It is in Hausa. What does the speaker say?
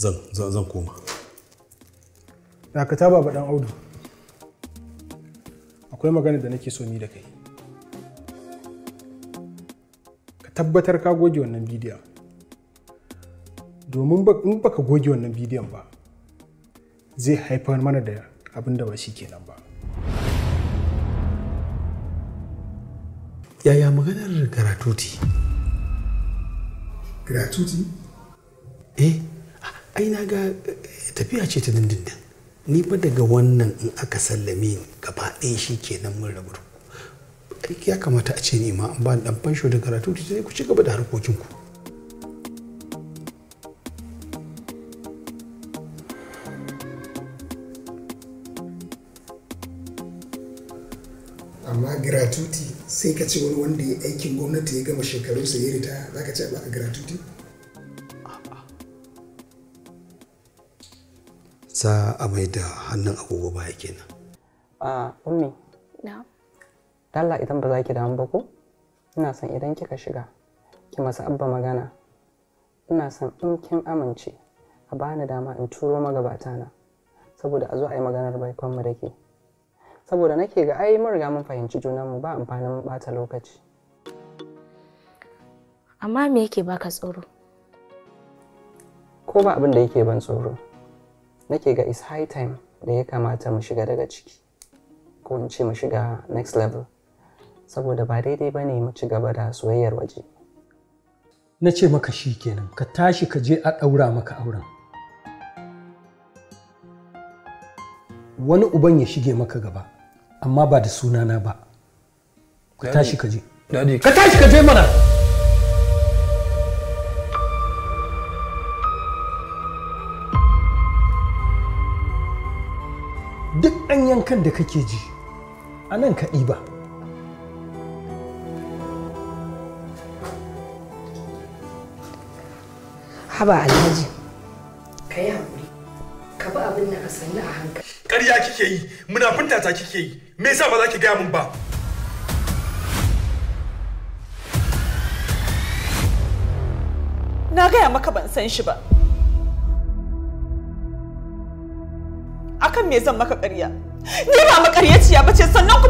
zan zan koma dakata baba dan audu akwai magana da nake so ni da kai ka tabbatar ka goge wannan bidiyon domin in baka goge wannan bidiyon ba zai haifar mana da abin da ba shi kenan ba yaya maganar karatuti? Karatuti? eh ai na ga eh, tafiya ce ta dindindin ni ba daga wannan in aka sallame ni gaba ɗaya shi kenan mun rabu ya kamata a ce ni ma an ba dan fansho da karatu ta ku ci gaba da harkokinku ku amma gratuity sai ka ce wani wanda ya aikin gwamnati ya gama shekarunsa ya rita za ka ce a ka gratuity za a mai da hannun agogo baya kenan. A ummi. Na. Dalla idan ba za ki damu ba ko? Ina son idan kika shiga ki masa abba magana. Ina son in kin amince a bani dama in turo magabata na saboda a zo a yi maganar baikon mu da ke. Saboda nake ga ai mun riga mun fahimci junanmu ba amfanin bata lokaci. Amma me yake baka tsoro? Ko ba abin da yake ban tsoro. nake ga is high time da ya kamata mu shiga daga ciki ko in ce mu shiga next level saboda ba daidai ba ne mu ci gaba da soyayyar waje na ce maka shi kenan ka tashi ka je a ɗaura maka auren wani uban ya shige maka gaba amma ba da sunana ba ka tashi ka je ka tashi ka je mana yankan da kake ji a nan ka ɗiba haba alhaji ka yi haƙuri ka ba abin da ka sanni a hankali ƙarya kike yi munafunta ta kike yi me yasa ba za ki gaya min ba na gaya maka ban san shi ba akan me zan maka ƙarya Ni ba ba ce sannan ku